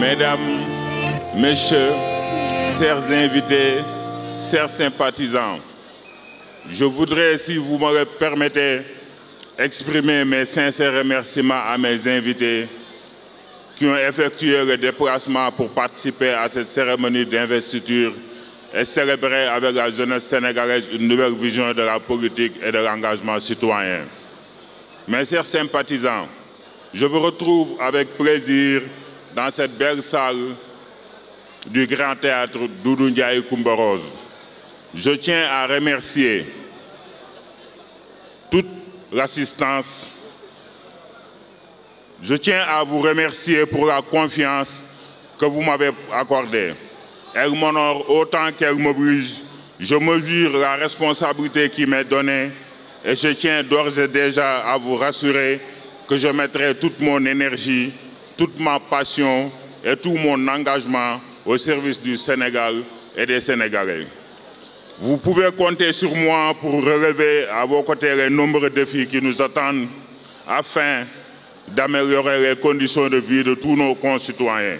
Mesdames, Messieurs, chers invités, chers sympathisants, je voudrais, si vous me le permettez, exprimer mes sincères remerciements à mes invités qui ont effectué le déplacement pour participer à cette cérémonie d'investiture et célébrer avec la jeunesse sénégalaise une nouvelle vision de la politique et de l'engagement citoyen. Mes chers sympathisants, je vous retrouve avec plaisir dans cette belle salle du Grand Théâtre Doudou Ndiaye Je tiens à remercier toute l'assistance. Je tiens à vous remercier pour la confiance que vous m'avez accordée. Elle m'honore autant qu'elle m'oblige. Je mesure la responsabilité qui m'est donnée et je tiens d'ores et déjà à vous rassurer que je mettrai toute mon énergie toute ma passion et tout mon engagement au service du Sénégal et des Sénégalais. Vous pouvez compter sur moi pour relever à vos côtés les nombreux défis qui nous attendent afin d'améliorer les conditions de vie de tous nos concitoyens.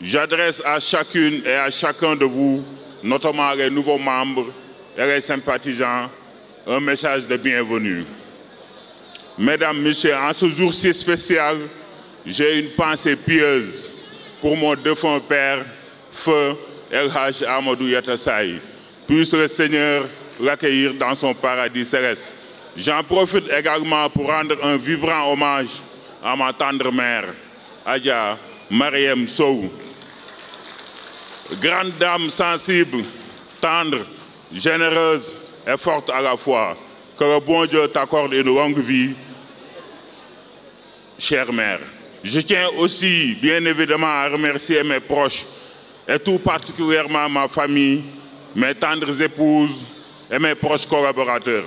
J'adresse à chacune et à chacun de vous, notamment les nouveaux membres et les sympathisants, un message de bienvenue. Mesdames, Messieurs, en ce jour si spécial, J'ai une pensée pieuse pour mon défunt père, feu El Hadj Amadou Yatassaï. Puisse le Seigneur l'accueillir dans son paradis céleste. J'en profite également pour rendre un vibrant hommage à ma tendre mère, Adja Mariam Sow. Grande dame sensible, tendre, généreuse et forte à la fois. Que le bon Dieu t'accorde une longue vie, chère mère. Je tiens aussi, bien évidemment, à remercier mes proches et tout particulièrement ma famille, mes tendres épouses et mes proches collaborateurs.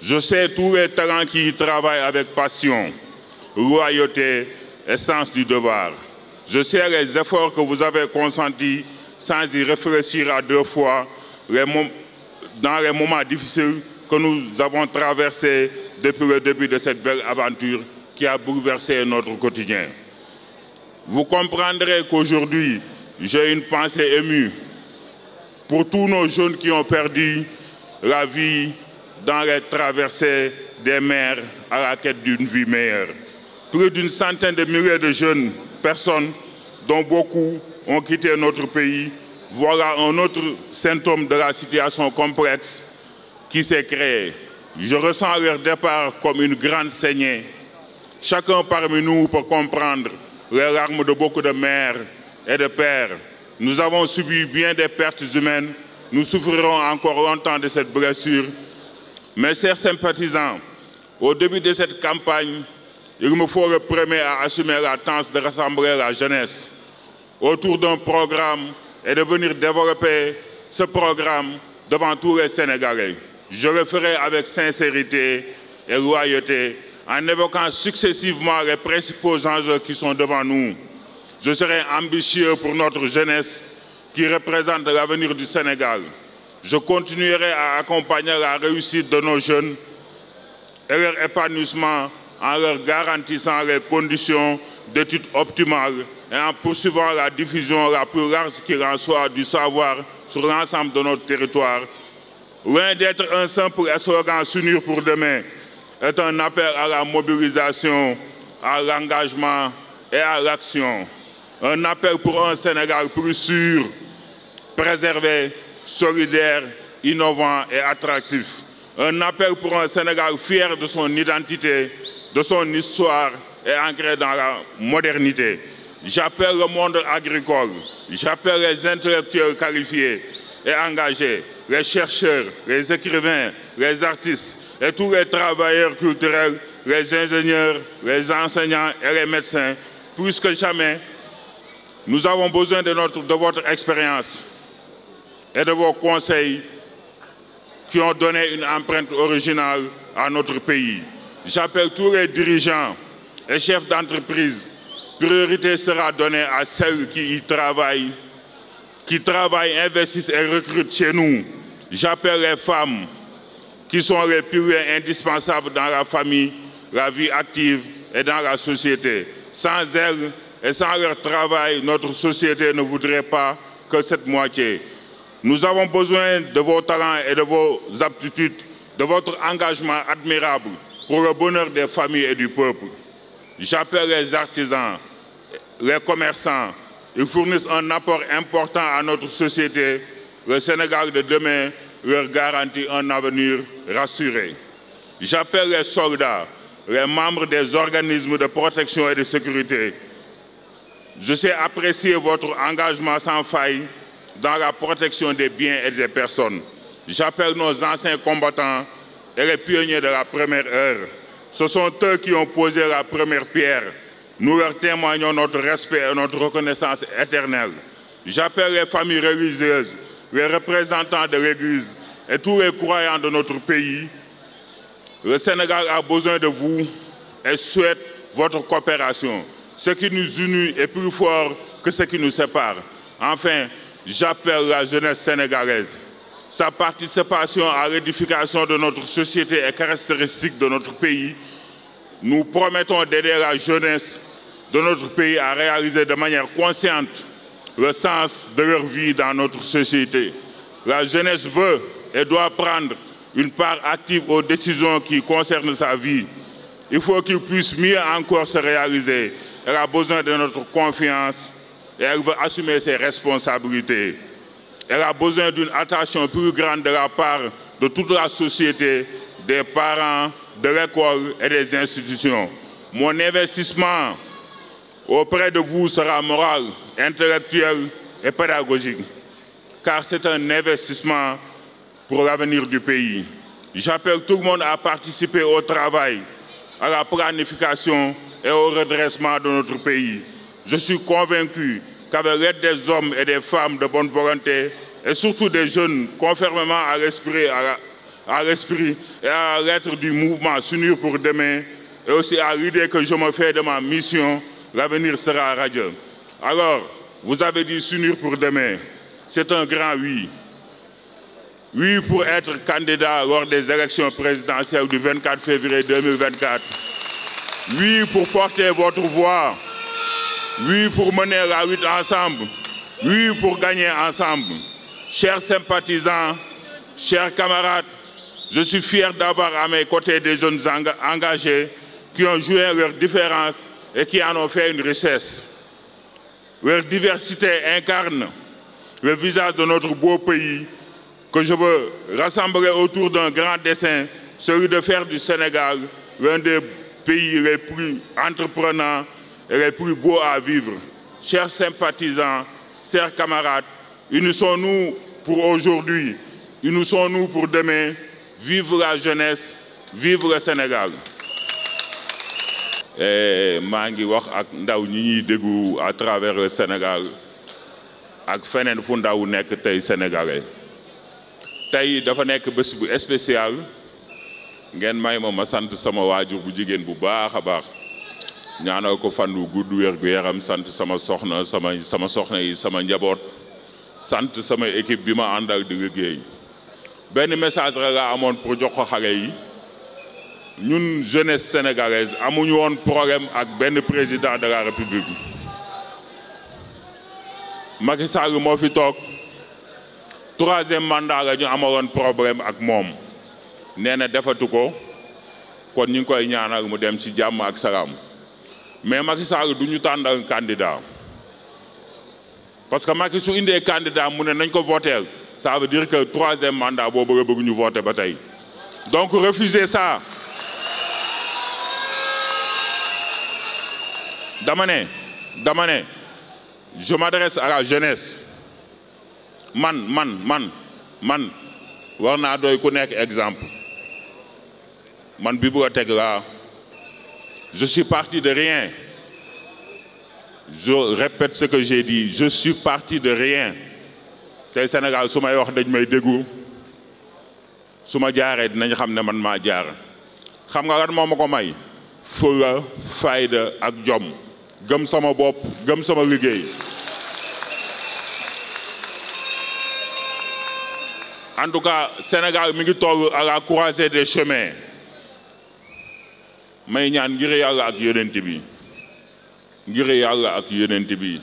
Je sais tous les talents qui y travaillent avec passion, loyauté et sens du devoir. Je sais les efforts que vous avez consentis sans y réfléchir à deux fois les dans les moments difficiles que nous avons traversés depuis le début de cette belle aventure qui a bouleversé notre quotidien. Vous comprendrez qu'aujourd'hui, j'ai une pensée émue pour tous nos jeunes qui ont perdu la vie dans les traversées des mers à la quête d'une vie meilleure. Plus d'une centaine de milliers de jeunes personnes, dont beaucoup ont quitté notre pays, voilà un autre symptôme de la situation complexe qui s'est créée. Je ressens leur départ comme une grande saignée Chacun parmi nous peut comprendre les larmes de beaucoup de mères et de pères. Nous avons subi bien des pertes humaines. Nous souffrirons encore longtemps de cette blessure. Mes chers sympathisants, au début de cette campagne, il me faut le premier à assumer la tendance de rassembler la jeunesse autour d'un programme et de venir développer ce programme devant tous les Sénégalais. Je le ferai avec sincérité et loyauté en évoquant successivement les principaux enjeux qui sont devant nous. Je serai ambitieux pour notre jeunesse qui représente l'avenir du Sénégal. Je continuerai à accompagner la réussite de nos jeunes et leur épanouissement en leur garantissant les conditions d'études optimales et en poursuivant la diffusion la plus large qu'il en soit du savoir sur l'ensemble de notre territoire. Loin d'être un simple slogan s'unir pour demain, est un appel à la mobilisation, à l'engagement et à l'action. Un appel pour un Sénégal plus sûr, préservé, solidaire, innovant et attractif. Un appel pour un Sénégal fier de son identité, de son histoire et ancré dans la modernité. J'appelle le monde agricole, j'appelle les intellectuels qualifiés et engagés les chercheurs, les écrivains, les artistes et tous les travailleurs culturels, les ingénieurs, les enseignants et les médecins. Plus que jamais, nous avons besoin de, votre expérience et de vos conseils qui ont donné une empreinte originale à notre pays. J'appelle tous les dirigeants et chefs d'entreprise. Priorité sera donnée à celles qui y travaillent, qui travaillent, investissent et recrutent chez nous. J'appelle les femmes qui sont les piliers indispensables dans la famille, la vie active et dans la société. Sans elles et sans leur travail, notre société ne voudrait pas que cette moitié. Nous avons besoin de vos talents et de vos aptitudes, de votre engagement admirable pour le bonheur des familles et du peuple. J'appelle les artisans, les commerçants. Ils fournissent un apport important à notre société Le Sénégal de demain leur garantit un avenir rassuré. J'appelle les soldats, les membres des organismes de protection et de sécurité. Je sais apprécier votre engagement sans faille dans la protection des biens et des personnes. J'appelle nos anciens combattants et les pionniers de la première heure. Ce sont eux qui ont posé la première pierre. Nous leur témoignons notre respect et notre reconnaissance éternelle. J'appelle les familles religieuses, les représentants de l'Église et tous les croyants de notre pays, le Sénégal a besoin de vous et souhaite votre coopération. Ce qui nous unit est plus fort que ce qui nous sépare. Enfin, j'appelle la jeunesse sénégalaise. Sa participation à l'édification de notre société est caractéristique de notre pays. Nous promettons d'aider la jeunesse de notre pays à réaliser de manière consciente le sens de leur vie dans notre société. La jeunesse veut et doit prendre une part active aux décisions qui concernent sa vie. Il faut qu'ils puissent mieux encore se réaliser. Elle a besoin de notre confiance et elle veut assumer ses responsabilités. Elle a besoin d'une attention plus grande de la part de toute la société, des parents, de l'école et des institutions. Mon investissement auprès de vous sera moral, intellectuel et pédagogique, car c'est un investissement pour l'avenir du pays. J'appelle tout le monde à participer au travail, à la planification et au redressement de notre pays. Je suis convaincu qu'avec l'aide des hommes et des femmes de bonne volonté, et surtout des jeunes, conformément à l'esprit à l'esprit et à la du mouvement S'unir pour demain, et aussi à l'idée que je me fais de ma mission l'avenir sera radieux. Alors, vous avez dit s'unir pour demain. C'est un grand pour être candidat lors des élections présidentielles du 24 février 2024. Oui pour porter votre voix. pour mener la lutte ensemble. Oui pour gagner ensemble. Chers sympathisants, chers camarades, je suis fier d'avoir à mes côtés des jeunes engagés qui ont joué leurs et qui en ont fait une richesse. Leur diversité incarne le visage de notre beau pays que je veux rassembler autour d'un grand dessein, celui de faire du Sénégal l'un des pays les plus entreprenants et les plus beaux à vivre. Chers sympathisants, chers camarades, unissons-nous pour aujourd'hui, unissons-nous pour demain. Vive la jeunesse, vive le Sénégal. Eh, maa ngi wax ak ndaw ñi ñuy déggu à travers le Sénégal ak feneen fu ndaw nekk tey sénégalais tey dafa nekk bés bu spécial ngeen may ma ma sant sama waajur bu jigéen bu baax a baax ñaana ko fan wu gudd wér gu yaram sant sama soxna sama sama soxna yi sama njaboot sant sama équipe bi ma àndal di liggéey benn message rek laa amoon pour jox ko xale yi. ñun jeunes sénégalaise amuñu woon problème ak benn président de la république Macky Sall moo fi toog troisième mandat la ñu amaloon problème ak moom nee na defatu ko kon ñu ngi koy ñaanal mu dem si jàmm ak salaam mais Macky Sall du ñu tàndal candidat parce que Macky su indee candidat mu ne nañ ko voter ça veut que troisième mandat boo bëgg a ñu voter ba tey donc refuser ça. dama ne dama ne je m'adresse à la jeunesse man man man man war naa doy ku nekk exemple man bi bibliothèque laa je suis parti de rien je répète ce que j'ai dit je suis parti de rien tey Sénégal su may wax dañ may déggu su ma jaaree dinañ xam ne man maa jaar xam nga lan moo ma may fulla fayda ak jom gëm sama bopp gëm sama liggéey en tout cas Sénégal mi ngi toll à la croisée des chemins may ñaan ngir yàlla ak yonent bi ngir yàlla ak yonent bi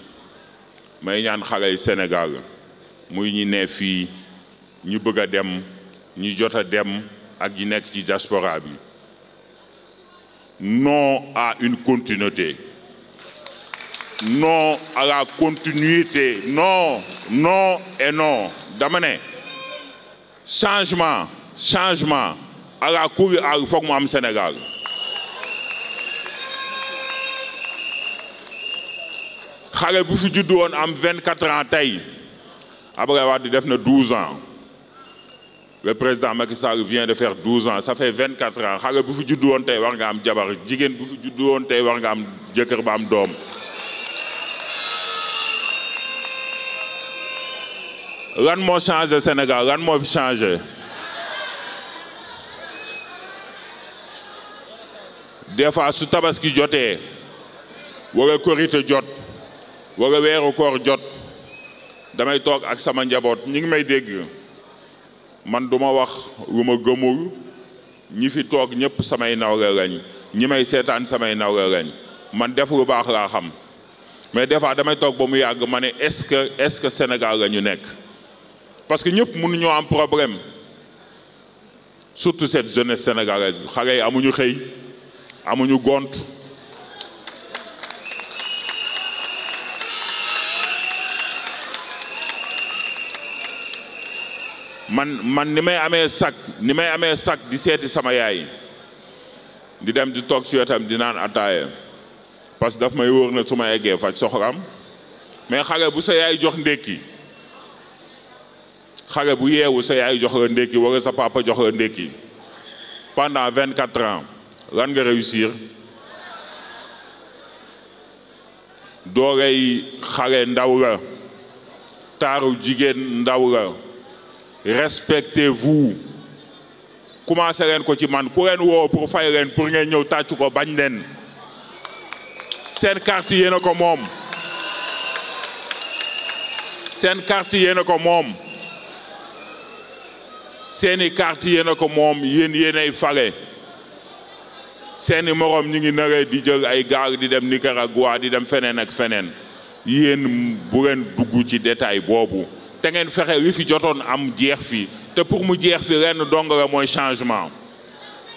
may ñaan xaley Sénégal muy ñi ne fii ñu bëgg a dem ñu jot a dem ak ñi nekk ci diaspora bi non à une continuité non à la continuité non non et non damane changement changement à la cour al foog mu am Sénégal xale bu fi juddu woon am vingt quatre ans tey Abdoulaye Wade def na douze ans le président Macky Sall vient de faire douze ans ça fait vingt quatre ans xale bu fi juddu woon tey war nga am jabar jigéen bu fi juddu woon tey war nga am jëkkër ba am doom lan moo changé Sénégal lan moo fi changé des fois su tabaski jotee wala korite jot wala weeru koor jot damay toog ak sama njaboot ñi ngi may dégg man duma wax lu ma gëmul ñi fi toog ñëpp samay nawle lañ ñi may seetaan samay nawle lañ man def lu baax laa xam mais des fois damay toog ba mu yàgg ma ne est-ce que est-ce que Sénégal la ñu nekk parce que ñëpp mënuñoo am problème surtout cette jeunesse sénégalaise bi xale yi amuñu xëy amuñu gont man man ni may amee sac ni may amee sac di seeti sama yaay di dem di toog ci wetam di naan attaaye parce que daf may wóor na su ma eggee faj soxlaam mais xale bu sa yaay jox ndékki xale bu yeewu sa yaay jox la ndékki wala sa papa jox la ndékki pendant vingt quatre ans lan nga réussir dooley xale ndaw la taaru jigéen ndaw la respectez-vous commencé leen ko ci man ku leen woo pour fay leen pour ngeen ñëw tàcc ko bañ leen seen carte yéen a ko moom seen carte yéen a ko moom seeni kart yéen a ko moom yéen yéenay fale seeni morom ñu ngi naree di jël ay gaal di dem Nicaragua di dem feneen ak feneen yéen bu leen dugg ci détay boobu te ngeen fexe li fi jotoon am jeex fi te pour mu jeex fi lenn dong la mooy changement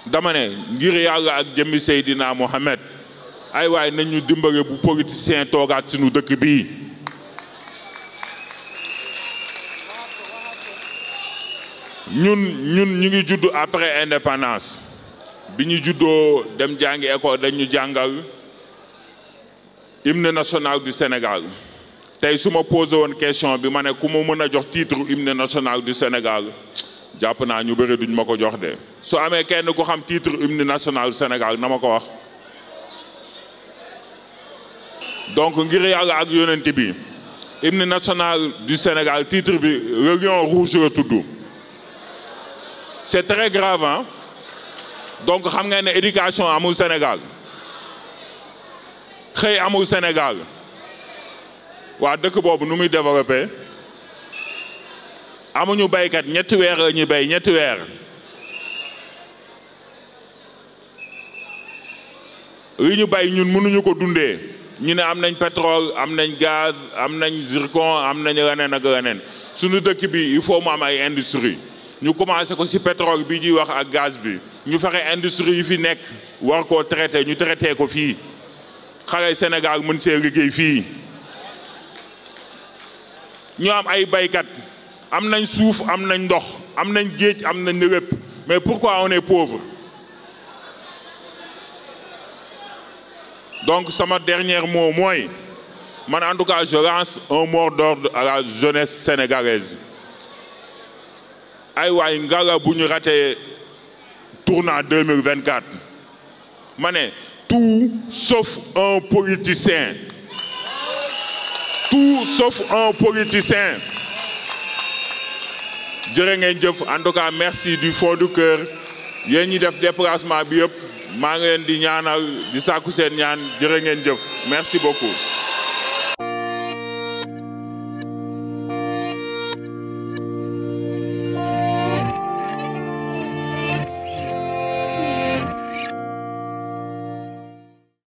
dama ne ngir yàlla ak jëmmi Seydina Mohamed ay waay nañ ñu dimbale bu politicien toogaat sunu dëkk bii ñun ñun ñu ngi judd après indépendance bi ñu juddoo dem jàngi école dañu jàngal hymne national du Sénégal tey suma ma question bi ma ne ku ma mën a jox titre hymne national du Sénégal jàpp naa ñu bëri duñ ma ko jox de soo amee kenn ku xam titre hymne national du Sénégal na ma ko wax donc ngir yàlla ak yonent bi hymne national du Sénégal titre bi le lion rouge la tudd c'est très grave donc xam nga ne éducation amul Sénégal xëy amul Sénégal waa dëkk boobu nu muy développé amuñu baykat ñett weer la ñuy bay ñetti weer li ñu bay ñun mënuñu ko dundee ñu ne am nañ pétrole am nañ gaz am nañ zircon am nañ leneen ak suñu dëkk bi il faut mu am ay industrie ñu commencé ko ci pétrole bi ñuy wax ak gaz bi ñu fexe industrie yi fi nekk war koo traité ñu traité ko fii xale Sénégal mën see liggéey fii ñu am ay baykat am nañ suuf am nañ ndox am nañ géej am nañ lépp mais pourquoi on est pauvre donc sama dernière mot mooy man en tout lance un mot d'ordre à la jeunesse sénégalaise ay waay ngala bu ñu ratee tournant 2024 ma ne tout sauf un politicien tout sauf un politicien jërë ngeen jëf en tout cas merci du fond du cœur yéen ñi def déplacement bi yëpp maa ngi leen di ñaanal di sàkku seen ñaan jërë ngeen jëf merci beaucoup